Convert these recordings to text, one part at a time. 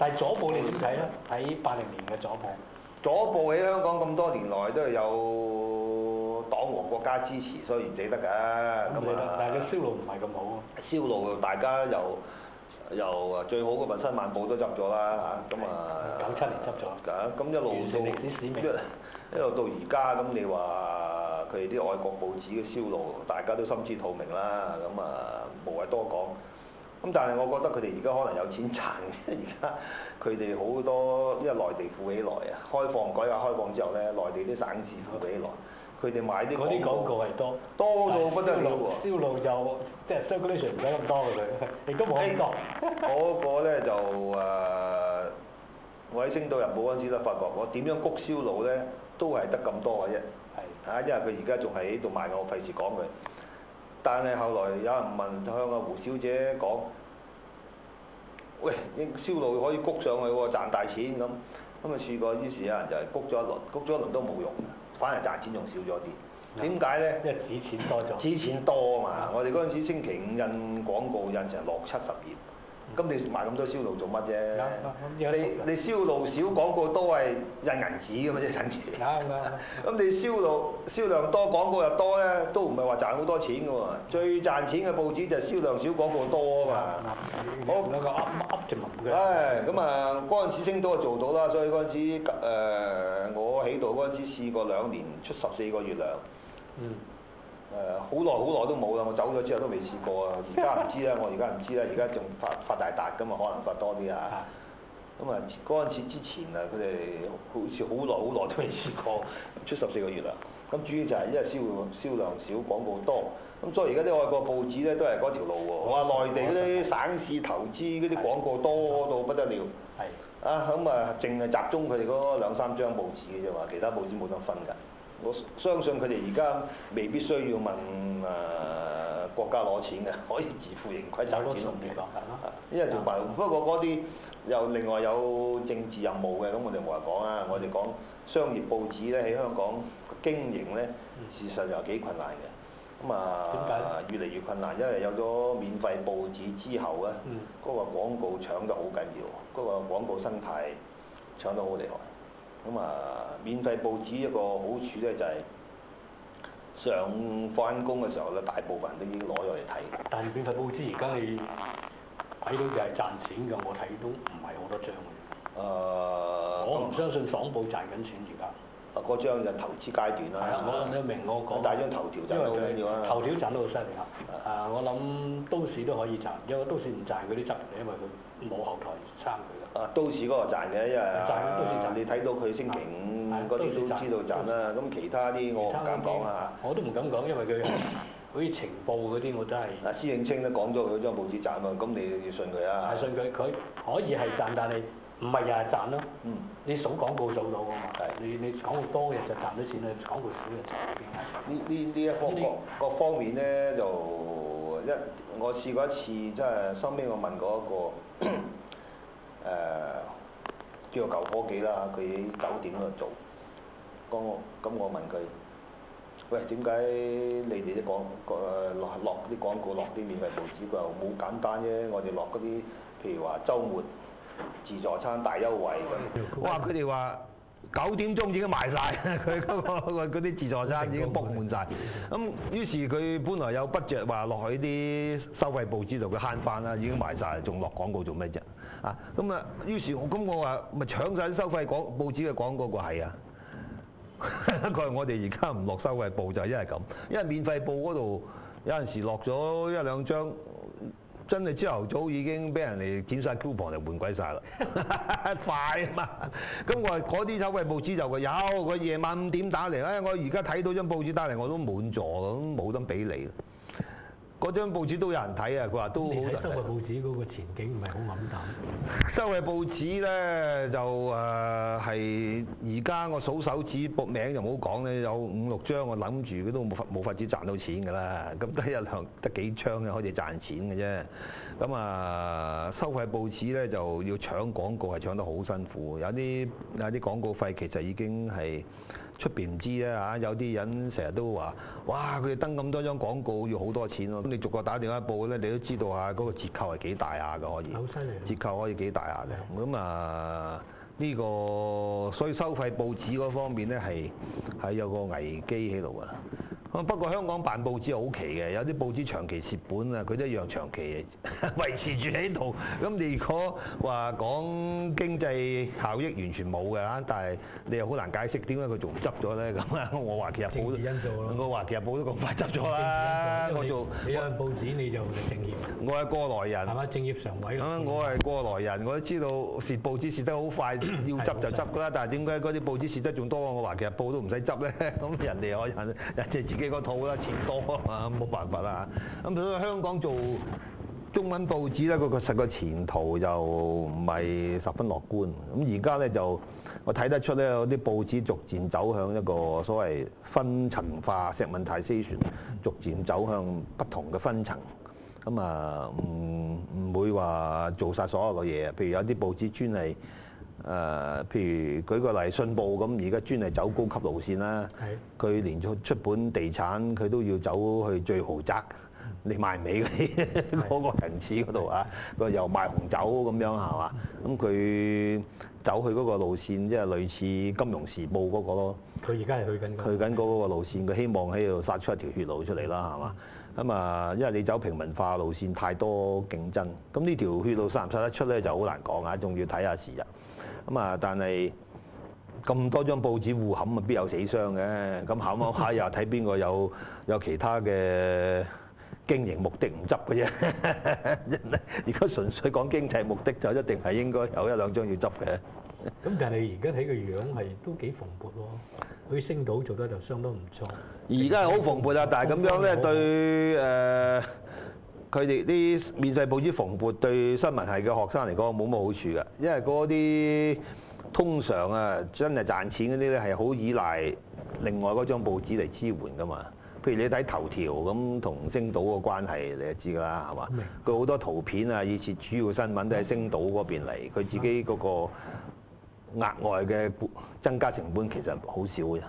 但係左部你點睇咧？喺八零年嘅左部，左部喺香港咁多年來都係有黨和國家支持，所以唔抵得嘅。咁嘛但係佢銷路唔係咁好咯。銷路大家又又最好嗰份新晚、嗯、報都執咗啦嚇。咁啊，九七年執咗。咁一路完成歷史使命。一路到而家咁，史史你話佢啲外國報紙嘅銷路，大家都心知肚明啦。咁啊，無謂多講。咁但係我覺得佢哋而家可能有錢賺，而家佢哋好多因為內地富起來啊，開放改革、嗰個、開放之後咧，內地啲省市富起來，佢哋買啲。啲廣告係多，多到、啊、不得了喎！銷路就即係 circulation 唔使咁多嘅佢，亦都冇可以講。嗰個咧就誒，我喺《星島日報》嗰陣時都發覺，我點樣谷銷路咧都係得咁多嘅啫。係啊，因為佢而家仲喺度賣，我費事講佢。但係後來有人問向阿胡小姐講。喂，啲銷路可以谷上去喎，賺大錢咁，咁咪試過。於是有人就係谷咗一輪，谷咗一輪都冇用，反而賺錢仲少咗啲。點解呢？因為紙錢多咗。紙錢多啊嘛！的我哋嗰陣時星期五印廣告印成六七十頁。咁、嗯、你賣咁多銷路做乜啫？嗯嗯嗯、你、嗯、你銷路少廣告多係印銀紙噶嘛，即係趁住。嗱、嗯、啊，咁、 嗯、你銷路銷量多廣告又多咧，都唔係話賺好多錢噶喎。最賺錢嘅報紙就係銷量少廣告多啊嘛。嗯、啊啊啊好，我咁啊嗰陣時星島啊做到啦，所以嗰陣時我喺度嗰陣時試過兩年出十四個月糧。嗯嗯好耐好耐都冇啦，我走咗之後都未試過啊！而家唔知啦，我而家唔知啦，而家仲發發大達㗎嘛，可能發多啲啊！咁啊，嗰陣時之前啊，佢哋好似好耐好耐都未試過出十四個月啦。咁主要就係因為銷銷量少，廣告多。咁所以而家啲外國報紙呢，都係嗰條路喎。我話內地嗰啲省市投資嗰啲廣告多到的不得了。啊咁的啊，淨係集中佢哋嗰兩三張報紙嘅啫嘛，我話其他報紙冇得分㗎。我相信佢哋而家未必需要問誒、呃、國家攞錢嘅，可以自負盈虧賺錢。因為同埋、嗯、不過嗰啲又另外有政治任務嘅，咁我哋冇話講啊。我哋講商業報紙咧，喺香港經營咧，事實又幾困難嘅。咁啊，點解越嚟越困難？因為有咗免費報紙之後咧，嗰、嗯、個廣告搶得好緊要，嗰、那個廣告生態搶得好厲害。咁啊，免費報紙一個好處咧，就係上翻工嘅時候咧，大部分人都已經攞咗嚟睇。但係免費報紙而家你睇到嘅係賺錢嘅，我睇都唔係好多張嘅。Uh，我唔相信爽報賺緊錢而家。啊！嗰張就投資階段啦。係啊，我你明我講。大張頭條就係最緊要啦。頭條賺得好犀利啊！啊，我諗都市都可以賺，因為都市唔賺嗰啲執業，因為佢冇後台撐佢。啊，都市嗰個賺嘅，因為啊，都市你睇到佢星期五嗰啲都知道賺啦。咁市其他啲我唔敢講啊。我都唔敢講，因為佢好似情報嗰啲，我真係。啊，施永青都講咗佢張報紙賺啊，咁你要信佢啊？信佢，佢可以係賺，但係。唔係日日賺咯，嗯、你做廣告做到㗎嘛？係的你你廣告多嘅就賺到錢，你廣告少嘅就冇。點解？呢呢呢一方個個方面呢，就一我試過一次，即係身邊我問過一個誒叫做舊夥計啦，佢喺酒店嗰度做，咁咁我，我問佢，喂，點解你哋啲廣誒落落啲廣告落啲免費報紙？佢話好簡單啫？我哋落嗰啲譬如話週末。自助餐大優惠，哇！佢哋話九點鐘已經賣晒。佢嗰啲自助餐已經 book 滿晒。咁 於是佢本來有不著話落去啲收費報紙度，佢慳返啊，已經賣晒。仲落廣告做咩啫？啊！咁啊，於是咁我話咪搶晒收費廣報紙嘅廣告、嗰個係啊，佢 話我哋而家唔落收費報就係因為咁，因為免費報嗰度有陣時落咗一兩張。真係朝頭早已經俾人哋剪晒 coupon 就換鬼晒啦，快 啊嘛！咁我話嗰啲走貴報紙就話有，佢夜晚五點打嚟咧、哎，我而家睇到張報紙打嚟我都滿座，都冇得俾你。嗰張報紙都有人睇啊！佢話都好、 呃嗯。你睇收費報紙嗰個前景唔係好黯淡。收費報紙咧，就誒係而家我數手指搏名，就冇講咧，有五六張我諗住佢都冇法冇法子賺到錢㗎啦。咁得一兩得幾張就開始賺錢嘅啫。咁啊收費報紙咧，就要搶廣告係搶得好辛苦，有啲啊啲廣告費其實已經係。出邊唔知啦嚇、啊，有啲人成日都話，哇！佢哋登咁多張廣告要好多錢喎。咁你逐個打電話報咧，你都知道下嗰個折扣係幾大下嘅可以。好犀利！折扣可以幾大下嘅。咁的啊，呢、呢個所以收費報紙嗰方面咧係係有個危機喺度㗎。啊、不過香港辦報紙好奇嘅，有啲報紙長期蝕本期呵呵啊，佢都一樣長期維持住喺度。咁你如果話講經濟效益完全冇嘅嚇，但係你又好難解釋點解佢仲執咗咧咁啊？我話其實政治因素咯。我話其實報都咁快執咗啦。就是、我做你有報紙我你就唔係正業。我係過來人。係嘛、啊？正業常委。嗯、啊，我係過來人，我都知道蝕報紙蝕得好快， 要執就執噶啦。但係點解嗰啲報紙蝕得仲多？我話其實報都唔使執咧。咁、啊、人哋我人家人哋自。幾個套啦，錢多啊嘛，冇辦法啦。咁所以香港做中文報紙咧，嗰個實個前途就唔係十分樂觀。咁而家咧就我睇得出咧，有啲報紙逐漸走向一個所謂分層化 segmentation，逐漸走向不同嘅分層。咁、嗯、啊，唔唔會話做晒所有嘅嘢，譬如有啲報紙專係。誒、呃，譬如舉個例，《信報》咁而家專係走高級路線啦。佢的連出出本地產，佢都要走去最豪宅嚟賣尾嗰的 個層次嗰度啊！佢的又賣紅酒咁樣係嘛？咁佢、嗯、走去嗰個路線，即係類似《金融時報、那個》嗰個咯。佢而家係去緊。去緊嗰個路線，佢希望喺度殺出一條血路出嚟啦，係嘛？咁啊，因為你走平民化路線太多競爭，咁呢條血路殺唔殺得出咧，就好難講啊！仲要睇下時日。咁啊！但係咁多張報紙互冚，咪必有死傷嘅。咁下晚黑又睇邊個，有有其他嘅經營目的唔執嘅啫。如果純粹講經濟目的，就一定係應該有一兩張要執嘅。咁但係你而家睇個樣係都幾蓬勃喎，去星島做得就相當唔錯。而家係好蓬勃啊！但係咁樣咧對誒。佢哋啲免費報紙蓬勃，對新聞系嘅學生嚟講冇乜好處嘅，因為嗰啲通常啊真係賺錢嗰啲咧係好依賴另外嗰張報紙嚟支援噶嘛。譬如你睇頭條咁同星島嘅關係你就，你都知㗎啦，係嘛白？佢好多圖片啊，以前主要新聞都喺星島嗰邊嚟，佢自己嗰個額外嘅增加成本其實好少嘅，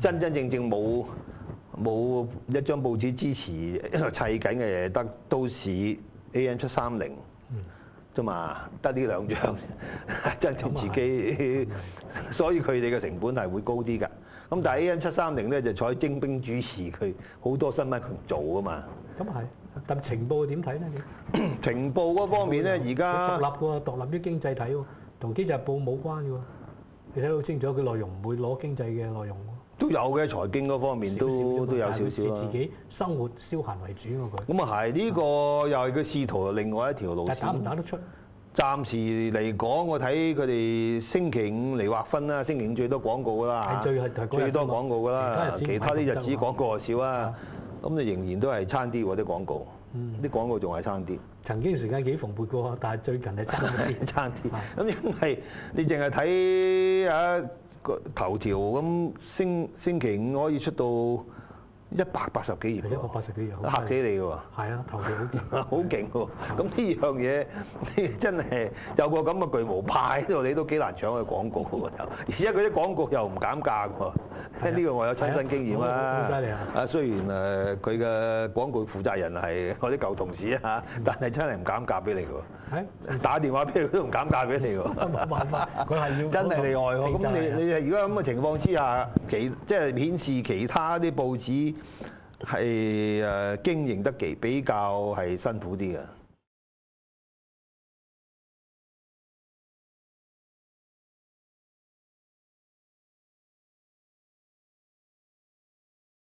真真正正冇。冇一張報紙支持一個砌緊嘅嘢，得都市 AM730 啫嘛，得呢兩張， 真係自己，嗯、 所以佢哋嘅成本係會高啲㗎。咁但係 AM730 咧就採精兵主持，佢好多新聞做㗎嘛。咁係、嗯，但情報點睇咧？情報嗰方面咧，而家在獨立喎，獨立於經濟體喎，同啲就報冇關嘅喎。你睇到清楚，佢內容唔會攞經濟嘅內容。都有嘅財經嗰方面都都有少少啦，自己生活消閒為主嗰個。咁啊係呢個又係佢仕途另外一條路。但係打唔打得出？暫時嚟講，我睇佢哋星期五嚟劃分啦，星期五最多廣告噶啦，最多廣告噶啦，其他啲日子廣告就少啊。咁你仍然都係差啲喎啲廣告，啲廣告仲係差啲。曾經時間幾蓬勃過，但係最近係差啲，差啲。咁因為你淨係睇啊。個頭條咁星星期五可以出到一百八十幾頁，一百八十幾頁，嚇死你喎，係啊、就是，的頭條好勁，好勁喎。咁呢樣嘢真係有個咁嘅巨無霸喺度，你都幾難搶佢廣告喎。 而且佢啲廣告又唔減價喎。呢個我有親身經驗啦，啊雖然誒佢嘅廣告負責人係我啲舊同事啊嚇，但係真係唔減價俾你㗎喎，嗎打電話俾佢都唔減價俾你喎，冇辦法，佢係 要真係例外喎。咁你你如果咁嘅情況之下，其即係顯示其他啲報紙係誒經營得其比較係辛苦啲嘅。